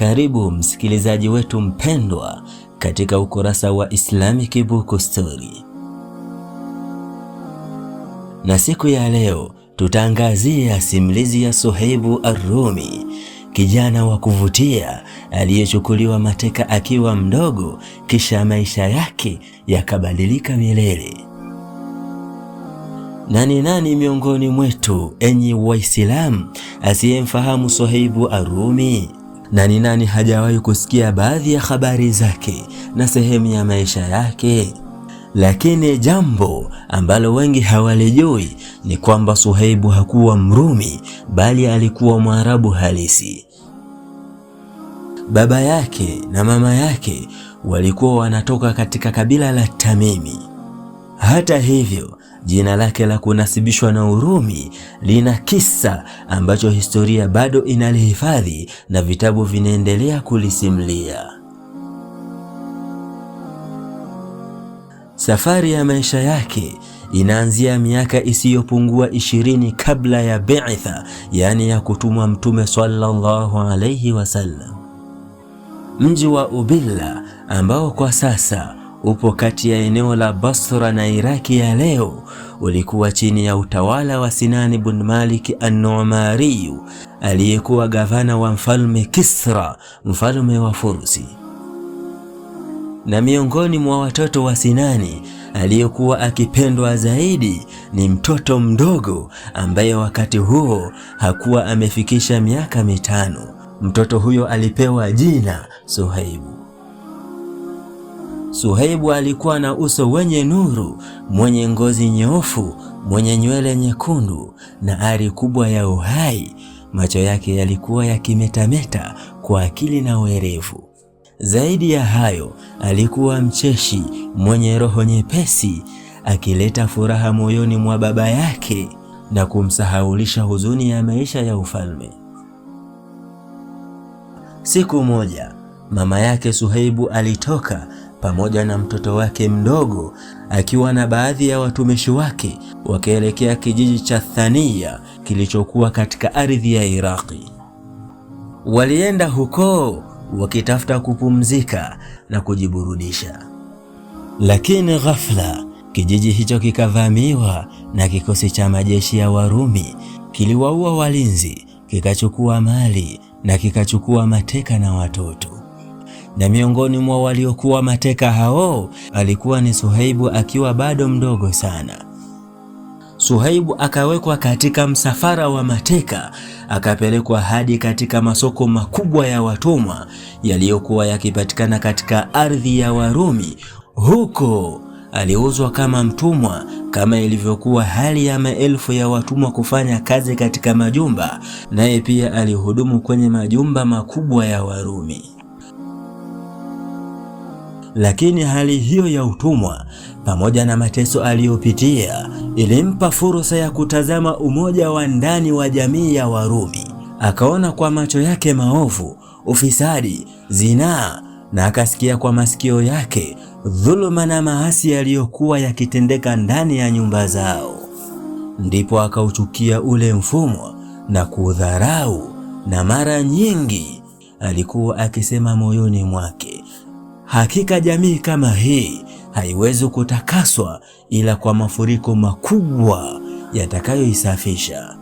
Karibu msikilizaji wetu mpendwa katika ukurasa wa Islamic Book Story, na siku ya leo tutaangazia simulizi ya Suhaibu arumi kijana wa kuvutia aliyechukuliwa mateka akiwa mdogo, kisha maisha yake yakabadilika milele. Nani nani miongoni mwetu, enyi Waislamu, asiyemfahamu Suhaibu arumi na ni nani hajawahi kusikia baadhi ya habari zake na sehemu ya maisha yake? Lakini jambo ambalo wengi hawalijui ni kwamba Suhaibu hakuwa Mrumi bali alikuwa Mwarabu halisi. Baba yake na mama yake walikuwa wanatoka katika kabila la Tamimi. Hata hivyo, Jina lake la kunasibishwa na Urumi lina kisa ambacho historia bado inalihifadhi na vitabu vinaendelea kulisimulia. Safari ya maisha yake inaanzia miaka isiyopungua ishirini kabla ya bi'tha, yaani ya kutumwa Mtume sallallahu alayhi wasallam. Mji wa Ubilla ambao kwa sasa upo kati ya eneo la Basra na Iraki ya leo, ulikuwa chini ya utawala wa Sinani bin Malik an-Numari aliyekuwa gavana wa mfalme Kisra, mfalme wa Fursi. Na miongoni mwa watoto wa Sinani aliyekuwa akipendwa zaidi ni mtoto mdogo ambaye wakati huo hakuwa amefikisha miaka mitano. Mtoto huyo alipewa jina Suhaibu. Suhaibu alikuwa na uso wenye nuru, mwenye ngozi nyofu mwenye nywele nyekundu na ari kubwa ya uhai. Macho yake yalikuwa yakimetameta kwa akili na uerevu. Zaidi ya hayo, alikuwa mcheshi, mwenye roho nyepesi, akileta furaha moyoni mwa baba yake na kumsahaulisha huzuni ya maisha ya ufalme. Siku moja mama yake Suhaibu alitoka pamoja na mtoto wake mdogo akiwa na baadhi ya watumishi wake wakielekea kijiji cha Thania kilichokuwa katika ardhi ya Iraki. Walienda huko wakitafuta kupumzika na kujiburudisha, lakini ghafla kijiji hicho kikavamiwa na kikosi cha majeshi ya Warumi, kiliwaua walinzi, kikachukua mali na kikachukua mateka na watoto na miongoni mwa waliokuwa mateka hao alikuwa ni Suhaibu akiwa bado mdogo sana. Suhaibu akawekwa katika msafara wa mateka akapelekwa hadi katika masoko makubwa ya watumwa yaliyokuwa yakipatikana katika ardhi ya Warumi. Huko aliuzwa kama mtumwa, kama ilivyokuwa hali ya maelfu ya watumwa kufanya kazi katika majumba, naye pia alihudumu kwenye majumba makubwa ya Warumi lakini hali hiyo ya utumwa pamoja na mateso aliyopitia ilimpa fursa ya kutazama umoja wa ndani wa jamii ya Warumi. Akaona kwa macho yake maovu ufisadi, zinaa na akasikia kwa masikio yake dhuluma na maasi yaliyokuwa yakitendeka ndani ya nyumba zao. Ndipo akauchukia ule mfumo na kuudharau, na mara nyingi alikuwa akisema moyoni mwake Hakika jamii kama hii haiwezi kutakaswa ila kwa mafuriko makubwa yatakayoisafisha.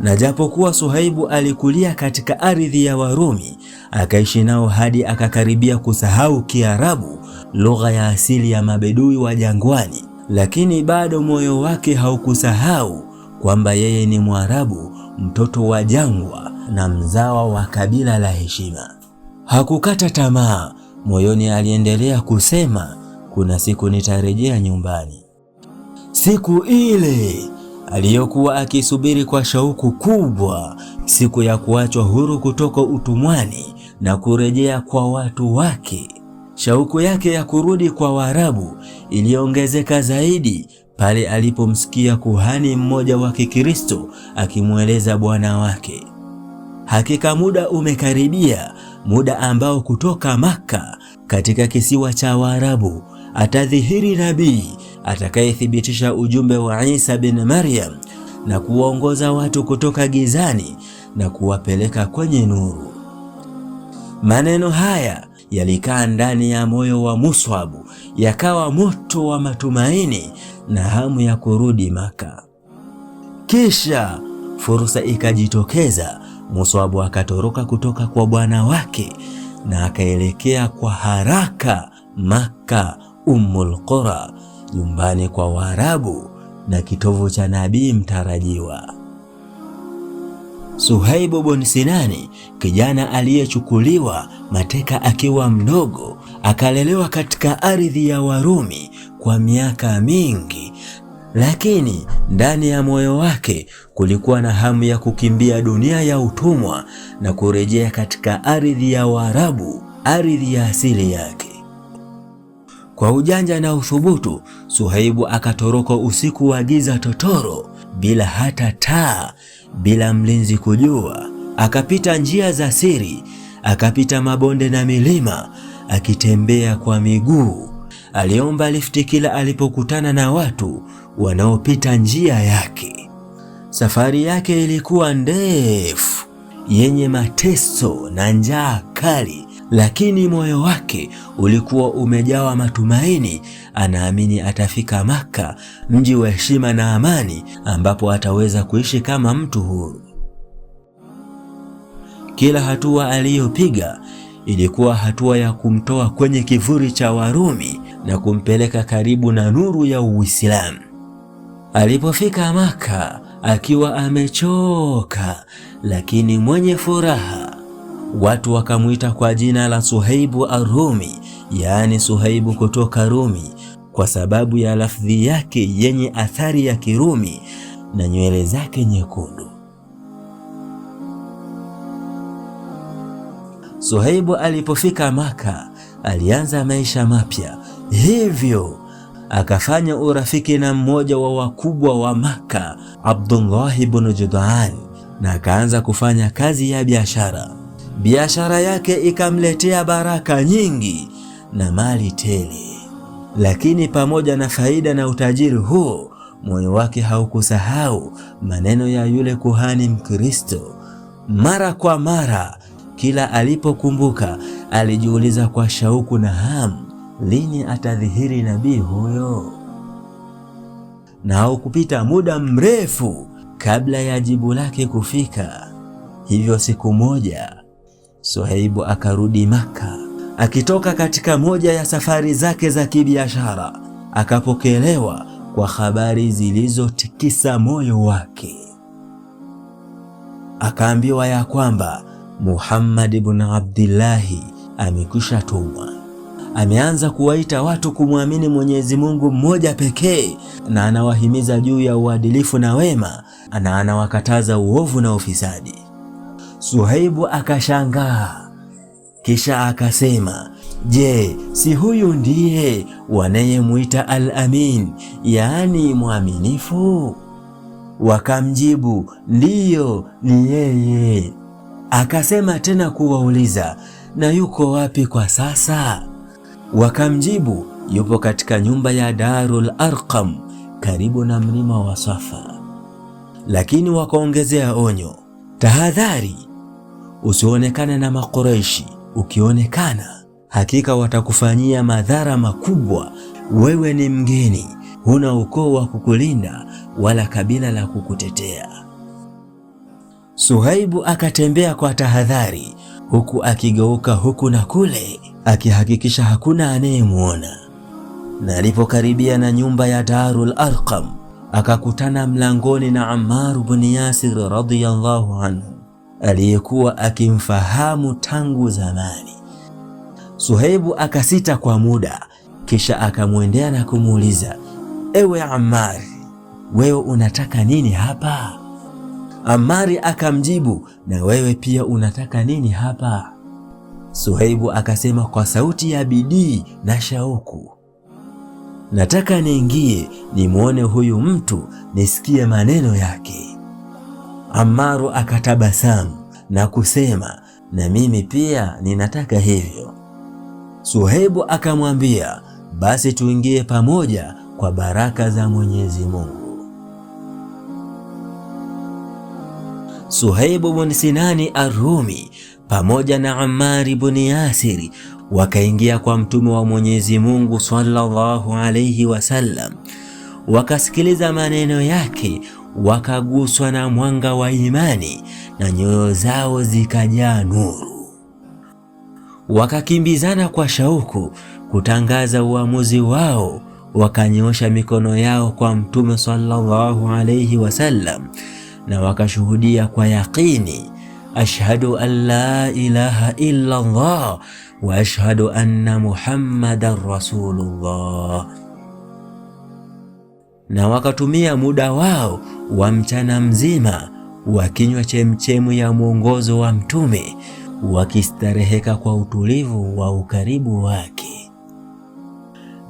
Na japokuwa Suhaibu alikulia katika ardhi ya Warumi, akaishi nao hadi akakaribia kusahau Kiarabu, lugha ya asili ya mabedui wa jangwani, lakini bado moyo wake haukusahau kwamba yeye ni Mwarabu, mtoto wa jangwa na mzawa wa kabila la heshima. Hakukata tamaa, moyoni aliendelea kusema, kuna siku nitarejea nyumbani. Siku ile aliyokuwa akisubiri kwa shauku kubwa, siku ya kuachwa huru kutoka utumwani na kurejea kwa watu wake. Shauku yake ya kurudi kwa Waarabu iliongezeka zaidi pale alipomsikia kuhani mmoja wa Kikristo akimweleza bwana wake, hakika muda umekaribia muda ambao kutoka Makka katika kisiwa cha Waarabu atadhihiri nabii atakayethibitisha ujumbe wa Isa bin Maryam na kuwaongoza watu kutoka gizani na kuwapeleka kwenye nuru. Maneno haya yalikaa ndani ya moyo wa Muswabu, yakawa moto wa matumaini na hamu ya kurudi Maka. Kisha fursa ikajitokeza Moswabu akatoroka kutoka kwa bwana wake na akaelekea kwa haraka Makka, Ummul Qura, nyumbani kwa Waarabu na kitovu cha nabii mtarajiwa. Suhaibu bin Sinani, kijana aliyechukuliwa mateka akiwa mdogo, akalelewa katika ardhi ya Warumi kwa miaka mingi lakini ndani ya moyo wake kulikuwa na hamu ya kukimbia dunia ya utumwa na kurejea katika ardhi ya Waarabu, ardhi ya asili yake. Kwa ujanja na uthubutu, Suhaibu akatoroka usiku wa giza totoro, bila hata taa, bila mlinzi kujua. Akapita njia za siri, akapita mabonde na milima, akitembea kwa miguu. Aliomba lifti kila alipokutana na watu wanaopita njia yake. Safari yake ilikuwa ndefu, yenye mateso na njaa kali, lakini moyo wake ulikuwa umejawa matumaini. Anaamini atafika Maka, mji wa heshima na amani, ambapo ataweza kuishi kama mtu huru. Kila hatua aliyopiga ilikuwa hatua ya kumtoa kwenye kivuli cha Warumi na kumpeleka karibu na nuru ya Uislamu. Alipofika Maka akiwa amechoka lakini mwenye furaha, watu wakamwita kwa jina la Suhaibu Arumi, yaani Suhaibu kutoka Rumi, kwa sababu ya lafdhi yake yenye athari ya Kirumi na nywele zake nyekundu. Suhaibu alipofika Maka alianza maisha mapya hivyo akafanya urafiki na mmoja wa wakubwa wa Makka, Abdullah ibn Judan, na akaanza kufanya kazi ya biashara. Biashara yake ikamletea baraka nyingi na mali tele. Lakini pamoja na faida na utajiri huo, moyo wake haukusahau maneno ya yule kuhani Mkristo. Mara kwa mara, kila alipokumbuka, alijiuliza kwa shauku na hamu lini atadhihiri nabii huyo? Na haukupita muda mrefu kabla ya jibu lake kufika. Hivyo siku moja Suhaibu akarudi Maka, akitoka katika moja ya safari zake za kibiashara, akapokelewa kwa habari zilizotikisa moyo wake. Akaambiwa ya kwamba Muhammad ibn Abdillahi amekwisha tumwa ameanza kuwaita watu kumwamini Mwenyezi Mungu mmoja pekee, na anawahimiza juu ya uadilifu na wema, na anawakataza uovu na ufisadi. Suhaibu akashangaa, kisha akasema, je, si huyu ndiye wanayemwita Al-Amin, yaani mwaminifu? Wakamjibu, ndiyo, ni yeye. Akasema tena kuwauliza, na yuko wapi kwa sasa? Wakamjibu, yupo katika nyumba ya Darul Arqam karibu na mlima wa Safa. Lakini wakaongezea onyo, tahadhari, usionekane na Makoreishi. Ukionekana hakika watakufanyia madhara makubwa. Wewe ni mgeni, huna ukoo wa kukulinda wala kabila la kukutetea. Suhaibu akatembea kwa tahadhari, huku akigeuka huku na kule akihakikisha hakuna anayemwona, na alipokaribia na nyumba ya Darul Arqam akakutana mlangoni na Ammar ibn Yasir radhiyallahu anhu aliyekuwa akimfahamu tangu zamani. Suhaibu akasita kwa muda, kisha akamwendea na kumuuliza, ewe Ammar, wewe unataka nini hapa? amari akamjibu, na wewe pia unataka nini hapa? Suhaibu akasema kwa sauti ya bidii na shauku, nataka niingie nimwone huyu mtu, nisikie maneno yake. Ammaru akatabasamu na kusema, na mimi pia ninataka hivyo. Suhaibu akamwambia, basi tuingie pamoja kwa baraka za Mwenyezi Mungu. Suhaibu bin Sinani Arumi pamoja na Ammar ibn Yasir wakaingia kwa mtume wa Mwenyezi Mungu sallallahu alayhi wasallam, wakasikiliza maneno yake, wakaguswa na mwanga wa imani na nyoyo zao zikajaa nuru, wakakimbizana kwa shauku kutangaza uamuzi wao, wakanyosha mikono yao kwa mtume sallallahu alayhi wasallam na wakashuhudia kwa yaqini ashhadu an la ilaha illa Allah wa ashhadu anna Muhammadan rasulullah. Na wakatumia muda wao wa mchana mzima wakinywa chemchemu ya mwongozo wa Mtume, wakistareheka kwa utulivu wa ukaribu wake.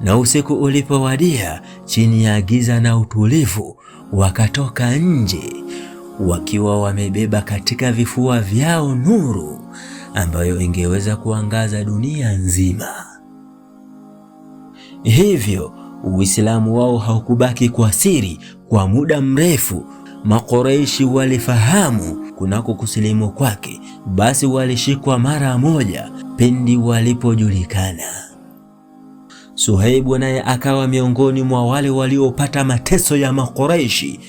Na usiku ulipowadia, chini ya giza na utulivu, wakatoka nje wakiwa wamebeba katika vifua vyao nuru ambayo ingeweza kuangaza dunia nzima. Hivyo Uislamu wao haukubaki kwa siri kwa muda mrefu. Makoreishi walifahamu kunako kusilimu kwake, basi walishikwa mara moja pindi walipojulikana. Suhaibu naye akawa miongoni mwa wale waliopata mateso ya Makoreishi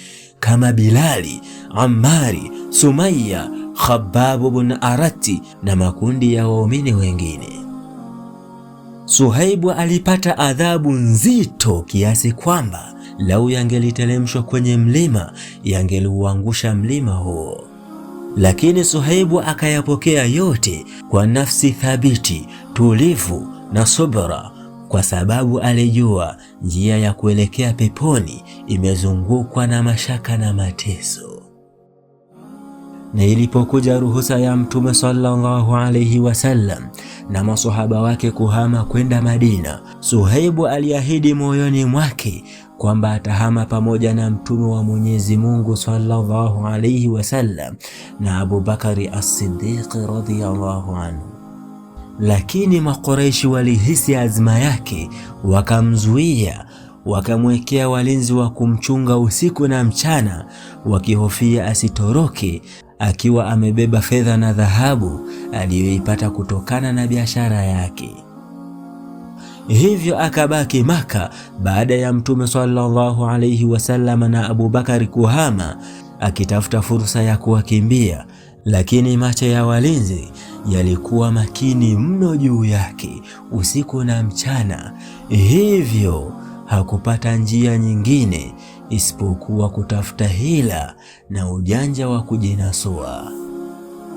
kama Bilali, Ammari, Sumaya, Khababu bin Arati na makundi ya waumini wengine. Suhaibu alipata adhabu nzito kiasi kwamba lau yangeliteremshwa kwenye mlima yangeliuangusha mlima huo, lakini Suhaibu akayapokea yote kwa nafsi thabiti, tulivu na subra kwa sababu alijua njia ya kuelekea peponi imezungukwa na mashaka na mateso. Na ilipokuja ruhusa ya Mtume sallallahu alaihi wasallam na masohaba wake kuhama kwenda Madina, Suhaibu aliahidi moyoni mwake kwamba atahama pamoja na Mtume wa Mwenyezi Mungu sallallahu alaihi wasallam na Abubakari As-Siddiq radhiyallahu anhu. Lakini makoreshi walihisi azma yake, wakamzuia, wakamwekea walinzi wa kumchunga usiku na mchana, wakihofia asitoroke akiwa amebeba fedha na dhahabu aliyoipata kutokana na biashara yake. Hivyo akabaki Maka baada ya Mtume sallallahu alaihi wasallam na Abubakari kuhama, akitafuta fursa ya kuwakimbia lakini macho ya walinzi yalikuwa makini mno juu yake usiku na mchana, hivyo hakupata njia nyingine isipokuwa kutafuta hila na ujanja wa kujinasua.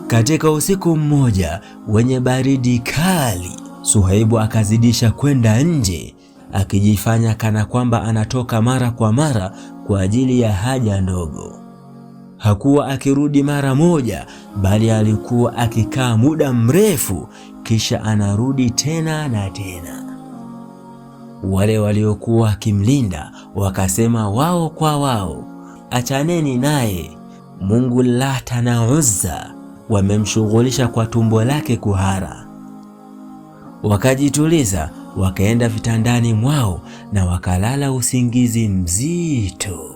Katika usiku mmoja wenye baridi kali, Suhaibu akazidisha kwenda nje akijifanya kana kwamba anatoka mara kwa mara kwa ajili ya haja ndogo hakuwa akirudi mara moja, bali alikuwa akikaa muda mrefu, kisha anarudi tena na tena. Wale waliokuwa wakimlinda wakasema wao kwa wao, achaneni naye, Mungu Lata na Uzza wamemshughulisha kwa tumbo lake kuhara. Wakajituliza, wakaenda vitandani mwao na wakalala usingizi mzito.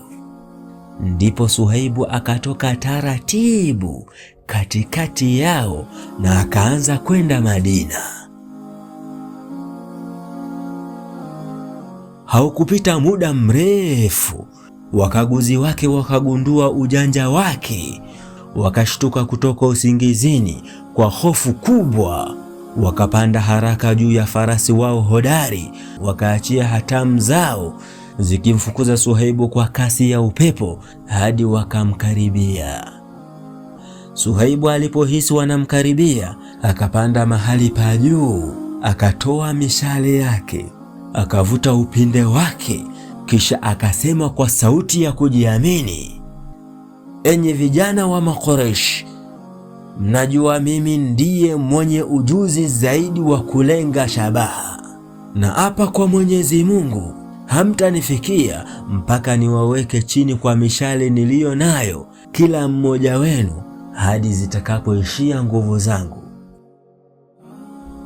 Ndipo Suhaibu akatoka taratibu katikati yao na akaanza kwenda Madina. Haukupita muda mrefu, wakaguzi wake wakagundua ujanja wake, wakashtuka kutoka usingizini kwa hofu kubwa. Wakapanda haraka juu ya farasi wao hodari, wakaachia hatamu zao zikimfukuza Suhaibu kwa kasi ya upepo hadi wakamkaribia. Suhaibu alipohisi wanamkaribia, akapanda mahali pa juu, akatoa mishale yake, akavuta upinde wake, kisha akasema kwa sauti ya kujiamini, enye vijana wa Makoreshi, mnajua mimi ndiye mwenye ujuzi zaidi wa kulenga shabaha, na hapa kwa Mwenyezi Mungu hamtanifikia mpaka niwaweke chini kwa mishale niliyo nayo kila mmoja wenu hadi zitakapoishia nguvu zangu.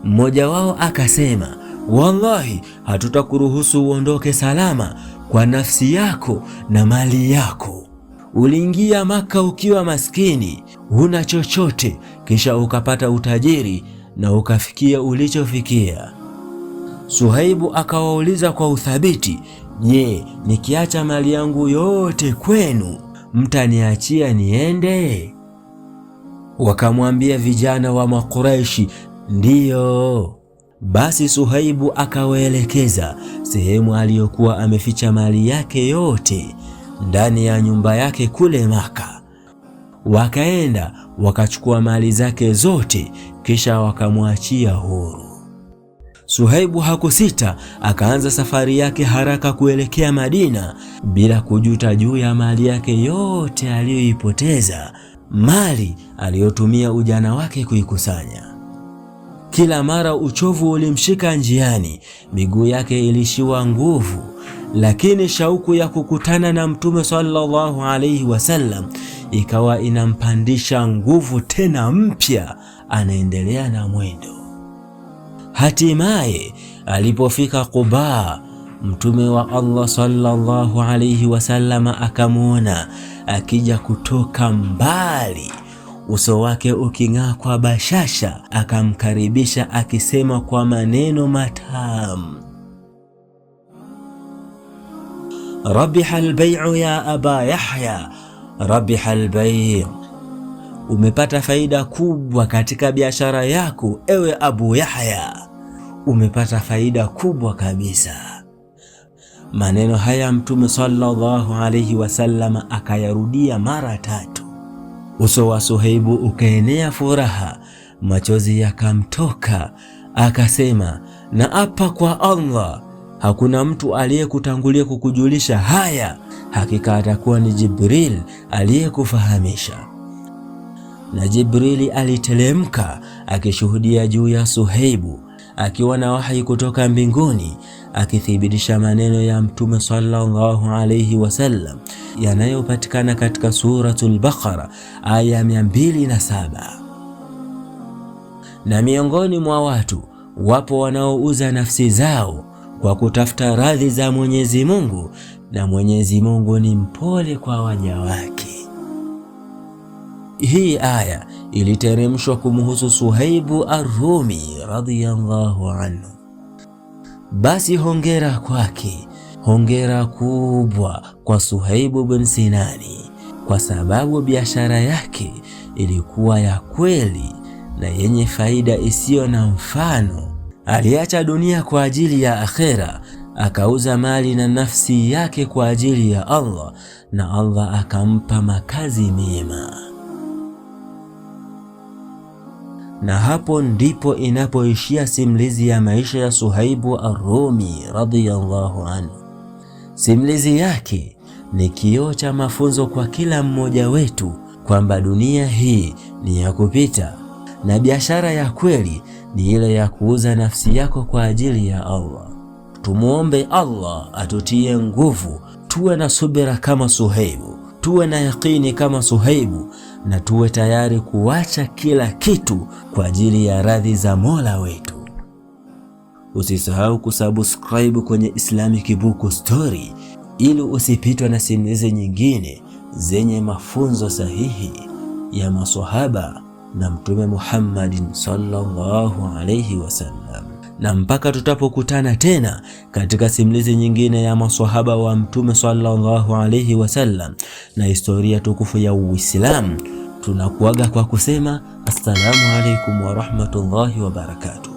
Mmoja wao akasema, wallahi, hatutakuruhusu uondoke salama kwa nafsi yako na mali yako. Uliingia Maka ukiwa maskini, huna chochote, kisha ukapata utajiri na ukafikia ulichofikia. Suhaibu akawauliza kwa uthabiti, Je, nikiacha mali yangu yote kwenu mtaniachia niende? Wakamwambia vijana wa makuraishi ndiyo. Basi Suhaibu akawaelekeza sehemu aliyokuwa ameficha mali yake yote ndani ya nyumba yake kule Maka. Wakaenda wakachukua mali zake zote, kisha wakamwachia huru. Suhaibu hakusita, akaanza safari yake haraka kuelekea Madina bila kujuta juu ya mali yake yote aliyoipoteza, mali aliyotumia ujana wake kuikusanya. Kila mara uchovu ulimshika njiani, miguu yake ilishiwa nguvu, lakini shauku ya kukutana na Mtume sallallahu alaihi wasallam ikawa inampandisha nguvu tena mpya. Anaendelea na mwendo Hatimaye alipofika Quba, mtume wa Allah sallallahu alayhi wasallama akamwona akija kutoka mbali, uso wake uking'aa kwa bashasha. Akamkaribisha akisema kwa maneno matamu, rabiha albay'u ya aba Yahya, rabiha albay'u Umepata faida kubwa katika biashara yako, ewe Abu Yahya, umepata faida kubwa kabisa. Maneno haya Mtume sallallahu alayhi wasallam akayarudia mara tatu. Uso wa Suhaibu ukaenea furaha, machozi yakamtoka, akasema, na apa kwa Allah, hakuna mtu aliyekutangulia kukujulisha haya, hakika atakuwa ni Jibril aliyekufahamisha na Jibrili alitelemka akishuhudia juu ya Suheibu akiwa na wahi kutoka mbinguni akithibitisha maneno ya Mtume sallallahu alayhi wasallam yanayopatikana katika Suratul Baqara aya 207. Na miongoni mwa watu wapo wanaouza nafsi zao kwa kutafuta radhi za Mwenyezi Mungu, na Mwenyezi Mungu ni mpole kwa waja wake. Hii aya iliteremshwa kumhusu Suhaibu Arrumi radhiyallahu anhu. Basi hongera kwake, hongera kubwa kwa Suhaibu bin Sinani, kwa sababu biashara yake ilikuwa ya kweli na yenye faida isiyo na mfano. Aliacha dunia kwa ajili ya akhera, akauza mali na nafsi yake kwa ajili ya Allah, na Allah akampa makazi mema. Na hapo ndipo inapoishia simulizi ya maisha ya Suhaibu Arrumi radhiyallahu anhu. Simulizi yake ni kioo cha mafunzo kwa kila mmoja wetu kwamba dunia hii ni ya kupita na biashara ya kweli ni ile ya kuuza nafsi yako kwa ajili ya Allah. Tumuombe Allah atutie nguvu, tuwe na subira kama Suhaibu, tuwe na yakini kama Suhaibu na tuwe tayari kuacha kila kitu kwa ajili ya radhi za Mola wetu. Usisahau kusubscribe kwenye Islamic Book Story ili usipitwe na simulizi nyingine zenye mafunzo sahihi ya maswahaba na Mtume Muhammadin sallallahu alayhi wasallam na mpaka tutapokutana tena katika simulizi nyingine ya maswahaba wa Mtume sallallahu alaihi wasallam na historia tukufu ya Uislamu, tunakuaga kwa kusema assalamu alaikum warahmatullahi wabarakatuh.